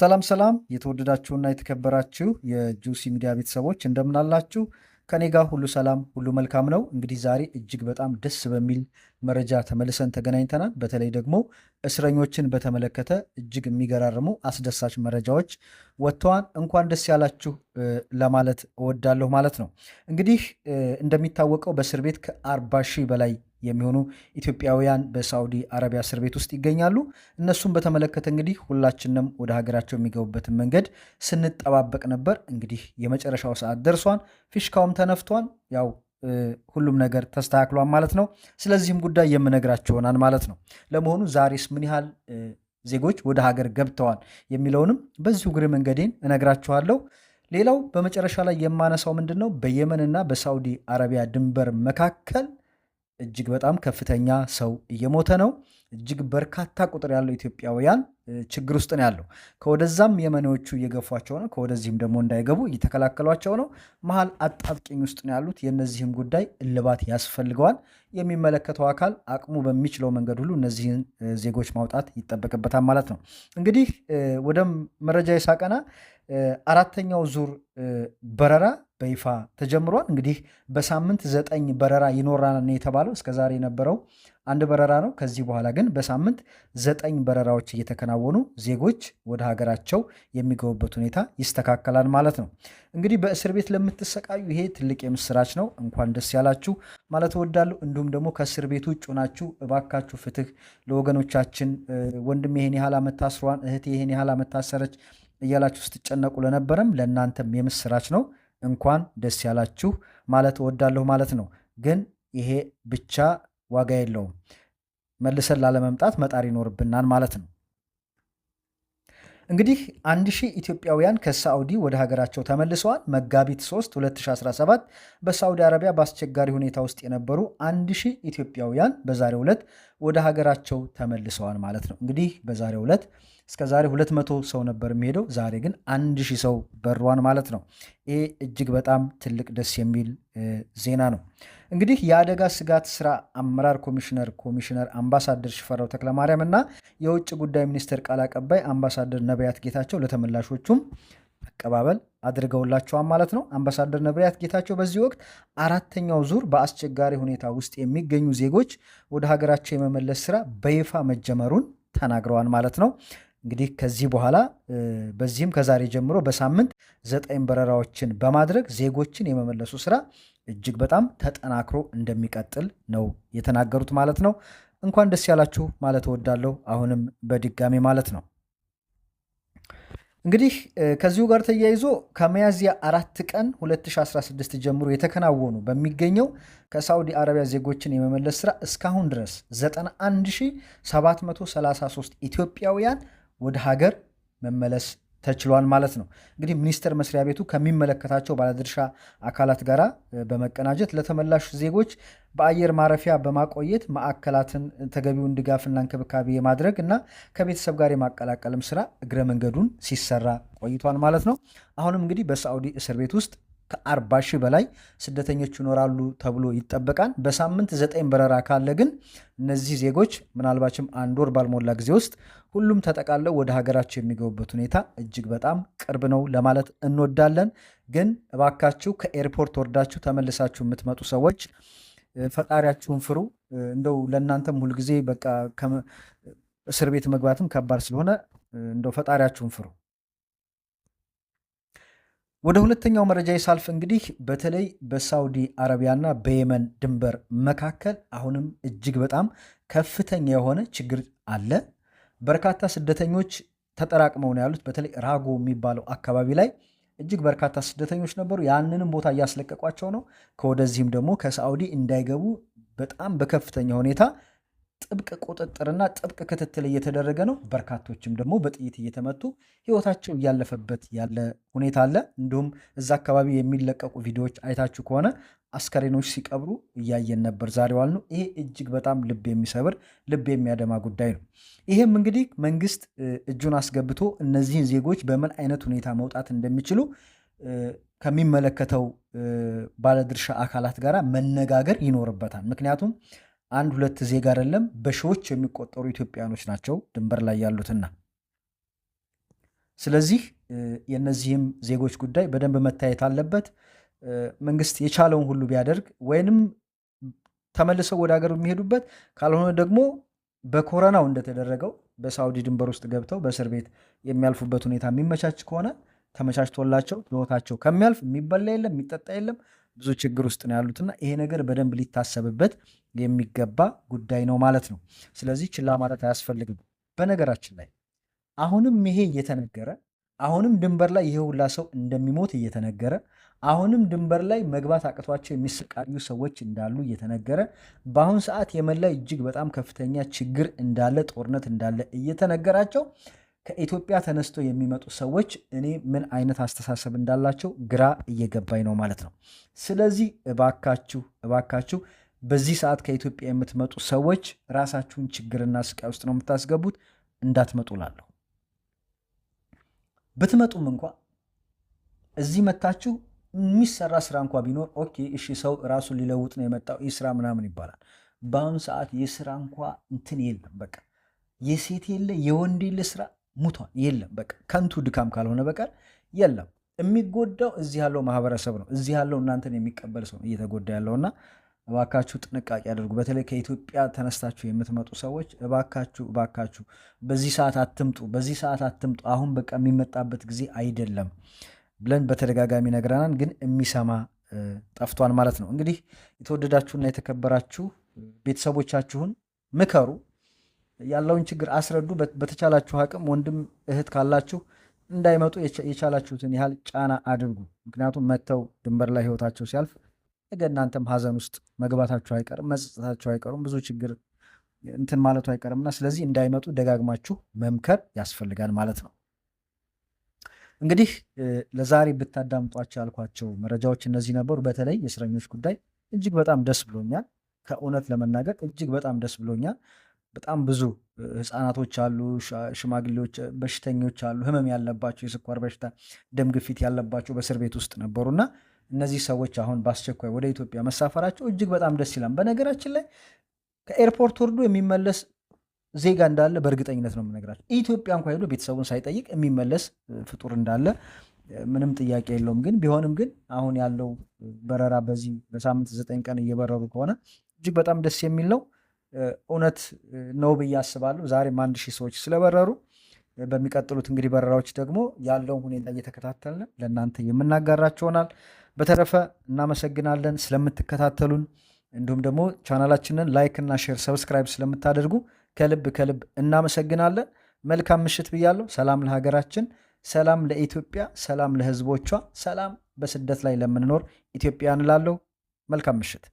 ሰላም ሰላም የተወደዳችሁና የተከበራችሁ የጁሲ ሚዲያ ቤተሰቦች እንደምናላችሁ። ከኔ ጋር ሁሉ ሰላም ሁሉ መልካም ነው። እንግዲህ ዛሬ እጅግ በጣም ደስ በሚል መረጃ ተመልሰን ተገናኝተናል። በተለይ ደግሞ እስረኞችን በተመለከተ እጅግ የሚገራርሙ አስደሳች መረጃዎች ወጥተዋል። እንኳን ደስ ያላችሁ ለማለት እወዳለሁ ማለት ነው። እንግዲህ እንደሚታወቀው በእስር ቤት ከአርባ ሺህ በላይ የሚሆኑ ኢትዮጵያውያን በሳውዲ አረቢያ እስር ቤት ውስጥ ይገኛሉ። እነሱም በተመለከተ እንግዲህ ሁላችንም ወደ ሀገራቸው የሚገቡበትን መንገድ ስንጠባበቅ ነበር። እንግዲህ የመጨረሻው ሰዓት ደርሷን፣ ፊሽካውም ተነፍቷን፣ ያው ሁሉም ነገር ተስተካክሏን ማለት ነው። ስለዚህም ጉዳይ የምነግራቸው ይሆናል ማለት ነው። ለመሆኑ ዛሬስ ምን ያህል ዜጎች ወደ ሀገር ገብተዋል የሚለውንም በዚሁ እግረ መንገዴን እነግራችኋለሁ። ሌላው በመጨረሻ ላይ የማነሳው ምንድን ነው በየመንና በሳውዲ አረቢያ ድንበር መካከል እጅግ በጣም ከፍተኛ ሰው እየሞተ ነው። እጅግ በርካታ ቁጥር ያለው ኢትዮጵያውያን ችግር ውስጥ ነው ያለው። ከወደዛም የመኔዎቹ እየገፏቸው ነው፣ ከወደዚህም ደግሞ እንዳይገቡ እየተከላከሏቸው ነው። መሀል አጣብቂኝ ውስጥ ነው ያሉት። የእነዚህም ጉዳይ እልባት ያስፈልገዋል። የሚመለከተው አካል አቅሙ በሚችለው መንገድ ሁሉ እነዚህን ዜጎች ማውጣት ይጠበቅበታል ማለት ነው። እንግዲህ ወደ መረጃ የሳቀና አራተኛው ዙር በረራ በይፋ ተጀምሯል። እንግዲህ በሳምንት ዘጠኝ በረራ ይኖራል ነው የተባለው። እስከዛሬ የነበረው አንድ በረራ ነው። ከዚህ በኋላ ግን በሳምንት ዘጠኝ በረራዎች እየተከናወኑ ዜጎች ወደ ሀገራቸው የሚገቡበት ሁኔታ ይስተካከላል ማለት ነው። እንግዲህ በእስር ቤት ለምትሰቃዩ ይሄ ትልቅ የምስራች ነው። እንኳን ደስ ያላችሁ ማለት እወዳለሁ። እንዲሁም ደግሞ ከእስር ቤት ውጭ ሆናችሁ እባካችሁ ፍትህ ለወገኖቻችን፣ ወንድም ይሄን ያህል ዓመት ታስሯን፣ እህቴ ይሄን ያህል ዓመት ታሰረች እያላችሁ ስትጨነቁ ለነበረም ለእናንተም የምስራች ነው። እንኳን ደስ ያላችሁ ማለት እወዳለሁ ማለት ነው። ግን ይሄ ብቻ ዋጋ የለውም። መልሰን ላለመምጣት መጣር ይኖርብናል ማለት ነው። እንግዲህ አንድ ሺህ ኢትዮጵያውያን ከሳዑዲ ወደ ሀገራቸው ተመልሰዋል። መጋቢት 3 2017 በሳዑዲ አረቢያ በአስቸጋሪ ሁኔታ ውስጥ የነበሩ አንድ ሺህ ኢትዮጵያውያን በዛሬው ዕለት ወደ ሀገራቸው ተመልሰዋል ማለት ነው። እንግዲህ በዛሬው ዕለት እስከ ዛሬ 200 ሰው ነበር የሚሄደው፣ ዛሬ ግን አንድ ሺህ ሰው በሯን ማለት ነው። ይሄ እጅግ በጣም ትልቅ ደስ የሚል ዜና ነው። እንግዲህ የአደጋ ስጋት ስራ አመራር ኮሚሽነር ኮሚሽነር አምባሳደር ሽፈራው ተክለማርያም እና የውጭ ጉዳይ ሚኒስቴር ቃል አቀባይ አምባሳደር ነቢያት ጌታቸው ለተመላሾቹም አቀባበል አድርገውላቸዋል ማለት ነው። አምባሳደር ነቢያት ጌታቸው በዚህ ወቅት አራተኛው ዙር በአስቸጋሪ ሁኔታ ውስጥ የሚገኙ ዜጎች ወደ ሀገራቸው የመመለስ ስራ በይፋ መጀመሩን ተናግረዋል ማለት ነው። እንግዲህ ከዚህ በኋላ በዚህም ከዛሬ ጀምሮ በሳምንት ዘጠኝ በረራዎችን በማድረግ ዜጎችን የመመለሱ ስራ እጅግ በጣም ተጠናክሮ እንደሚቀጥል ነው የተናገሩት ማለት ነው። እንኳን ደስ ያላችሁ ማለት እወዳለሁ። አሁንም በድጋሚ ማለት ነው። እንግዲህ ከዚሁ ጋር ተያይዞ ከሚያዝያ አራት ቀን 2016 ጀምሮ የተከናወኑ በሚገኘው ከሳውዲ አረቢያ ዜጎችን የመመለስ ስራ እስካሁን ድረስ 91733 ኢትዮጵያውያን ወደ ሀገር መመለስ ተችሏል ማለት ነው። እንግዲህ ሚኒስቴር መስሪያ ቤቱ ከሚመለከታቸው ባለድርሻ አካላት ጋር በመቀናጀት ለተመላሽ ዜጎች በአየር ማረፊያ በማቆየት ማዕከላትን ተገቢውን ድጋፍና እንክብካቤ የማድረግ እና ከቤተሰብ ጋር የማቀላቀልም ስራ እግረ መንገዱን ሲሰራ ቆይቷል ማለት ነው። አሁንም እንግዲህ በሳዑዲ እስር ቤት ውስጥ ከአርባ ሺህ በላይ ስደተኞች ይኖራሉ ተብሎ ይጠበቃል። በሳምንት ዘጠኝ በረራ ካለ ግን እነዚህ ዜጎች ምናልባችም አንድ ወር ባልሞላ ጊዜ ውስጥ ሁሉም ተጠቃለው ወደ ሀገራቸው የሚገቡበት ሁኔታ እጅግ በጣም ቅርብ ነው ለማለት እንወዳለን። ግን እባካችሁ ከኤርፖርት ወርዳችሁ ተመልሳችሁ የምትመጡ ሰዎች ፈጣሪያችሁን ፍሩ። እንደው ለእናንተም ሁልጊዜ በቃ እስር ቤት መግባትም ከባድ ስለሆነ እንደው ፈጣሪያችሁን ፍሩ። ወደ ሁለተኛው መረጃ የሳልፍ እንግዲህ በተለይ በሳውዲ አረቢያና በየመን ድንበር መካከል አሁንም እጅግ በጣም ከፍተኛ የሆነ ችግር አለ። በርካታ ስደተኞች ተጠራቅመው ነው ያሉት። በተለይ ራጎ የሚባለው አካባቢ ላይ እጅግ በርካታ ስደተኞች ነበሩ። ያንንም ቦታ እያስለቀቋቸው ነው። ከወደዚህም ደግሞ ከሳውዲ እንዳይገቡ በጣም በከፍተኛ ሁኔታ ጥብቅ ቁጥጥርና ጥብቅ ክትትል እየተደረገ ነው። በርካቶችም ደግሞ በጥይት እየተመቱ ህይወታቸው እያለፈበት ያለ ሁኔታ አለ። እንዲሁም እዛ አካባቢ የሚለቀቁ ቪዲዮዎች አይታችሁ ከሆነ አስከሬኖች ሲቀብሩ እያየን ነበር፣ ዛሬ ዋል ነው። ይሄ እጅግ በጣም ልብ የሚሰብር ልብ የሚያደማ ጉዳይ ነው። ይህም እንግዲህ መንግስት እጁን አስገብቶ እነዚህን ዜጎች በምን አይነት ሁኔታ መውጣት እንደሚችሉ ከሚመለከተው ባለድርሻ አካላት ጋር መነጋገር ይኖርበታል። ምክንያቱም አንድ ሁለት ዜጋ አይደለም በሺዎች የሚቆጠሩ ኢትዮጵያኖች ናቸው ድንበር ላይ ያሉትና ስለዚህ የእነዚህም ዜጎች ጉዳይ በደንብ መታየት አለበት። መንግስት የቻለውን ሁሉ ቢያደርግ ወይንም ተመልሰው ወደ ሀገር የሚሄዱበት ካልሆነ ደግሞ በኮረናው እንደተደረገው በሳውዲ ድንበር ውስጥ ገብተው በእስር ቤት የሚያልፉበት ሁኔታ የሚመቻች ከሆነ ተመቻችቶላቸው ህይወታቸው ከሚያልፍ የሚበላ የለም፣ የሚጠጣ የለም። ብዙ ችግር ውስጥ ነው ያሉትና ይሄ ነገር በደንብ ሊታሰብበት የሚገባ ጉዳይ ነው ማለት ነው። ስለዚህ ችላ ማለት አያስፈልግም። በነገራችን ላይ አሁንም ይሄ እየተነገረ አሁንም ድንበር ላይ ይሄ ሁላ ሰው እንደሚሞት እየተነገረ አሁንም ድንበር ላይ መግባት አቅቷቸው የሚሰቃዩ ሰዎች እንዳሉ እየተነገረ በአሁን ሰዓት የመን ላይ እጅግ በጣም ከፍተኛ ችግር እንዳለ ጦርነት እንዳለ እየተነገራቸው ከኢትዮጵያ ተነስቶ የሚመጡ ሰዎች እኔ ምን አይነት አስተሳሰብ እንዳላቸው ግራ እየገባኝ ነው ማለት ነው። ስለዚህ እባካችሁ እባካችሁ በዚህ ሰዓት ከኢትዮጵያ የምትመጡ ሰዎች ራሳችሁን ችግርና ስቃይ ውስጥ ነው የምታስገቡት። እንዳትመጡ ላለሁ ብትመጡም እንኳ እዚህ መታችሁ የሚሰራ ስራ እንኳ ቢኖር ኦኬ፣ እሺ፣ ሰው ራሱን ሊለውጥ ነው የመጣው ይህ ስራ ምናምን ይባላል። በአሁኑ ሰዓት የስራ እንኳ እንትን የለም። በቃ የሴት የለ የወንድ የለ ስራ ሙቷን የለም። በቃ ከንቱ ድካም ካልሆነ በቀር የለም። የሚጎዳው እዚህ ያለው ማህበረሰብ ነው። እዚህ ያለው እናንተን የሚቀበል ሰው እየተጎዳ ያለውና እባካችሁ ጥንቃቄ አድርጉ። በተለይ ከኢትዮጵያ ተነስታችሁ የምትመጡ ሰዎች እባካችሁ እባካችሁ በዚህ ሰዓት አትምጡ፣ በዚህ ሰዓት አትምጡ፣ አሁን በቃ የሚመጣበት ጊዜ አይደለም ብለን በተደጋጋሚ ነግረናን፣ ግን የሚሰማ ጠፍቷል ማለት ነው። እንግዲህ የተወደዳችሁና የተከበራችሁ ቤተሰቦቻችሁን ምከሩ፣ ያለውን ችግር አስረዱ። በተቻላችሁ አቅም ወንድም እህት ካላችሁ እንዳይመጡ የቻላችሁትን ያህል ጫና አድርጉ። ምክንያቱም መጥተው ድንበር ላይ ህይወታቸው ሲያልፍ ነገ እናንተም ሀዘን ውስጥ መግባታችሁ አይቀርም፣ መጸጸታችሁ አይቀሩም፣ ብዙ ችግር እንትን ማለቱ አይቀርም እና ስለዚህ እንዳይመጡ ደጋግማችሁ መምከር ያስፈልጋል ማለት ነው። እንግዲህ ለዛሬ ብታዳምጧቸው ያልኳቸው መረጃዎች እነዚህ ነበሩ። በተለይ የእስረኞች ጉዳይ እጅግ በጣም ደስ ብሎኛል። ከእውነት ለመናገር እጅግ በጣም ደስ ብሎኛል። በጣም ብዙ ህፃናቶች አሉ፣ ሽማግሌዎች፣ በሽተኞች አሉ፣ ህመም ያለባቸው የስኳር በሽታ ደም ግፊት ያለባቸው በእስር ቤት ውስጥ ነበሩና እነዚህ ሰዎች አሁን በአስቸኳይ ወደ ኢትዮጵያ መሳፈራቸው እጅግ በጣም ደስ ይላል። በነገራችን ላይ ከኤርፖርት ወርዶ የሚመለስ ዜጋ እንዳለ በእርግጠኝነት ነው የምነግራቸው። ኢትዮጵያ እንኳ ሄዶ ቤተሰቡን ሳይጠይቅ የሚመለስ ፍጡር እንዳለ ምንም ጥያቄ የለውም። ግን ቢሆንም ግን አሁን ያለው በረራ በዚህ በሳምንት ዘጠኝ ቀን እየበረሩ ከሆነ እጅግ በጣም ደስ የሚል ነው። እውነት ነው ብዬ አስባለሁ። ዛሬም አንድ ሺህ ሰዎች ስለበረሩ በሚቀጥሉት እንግዲህ በረራዎች ደግሞ ያለውን ሁኔታ እየተከታተልን ለእናንተ የምናጋራችሁ ይሆናል። በተረፈ እናመሰግናለን ስለምትከታተሉን፣ እንዲሁም ደግሞ ቻናላችንን ላይክ እና ሼር፣ ሰብስክራይብ ስለምታደርጉ ከልብ ከልብ እናመሰግናለን። መልካም ምሽት ብያለሁ። ሰላም ለሀገራችን፣ ሰላም ለኢትዮጵያ፣ ሰላም ለሕዝቦቿ፣ ሰላም በስደት ላይ ለምንኖር ኢትዮጵያን ላለው መልካም ምሽት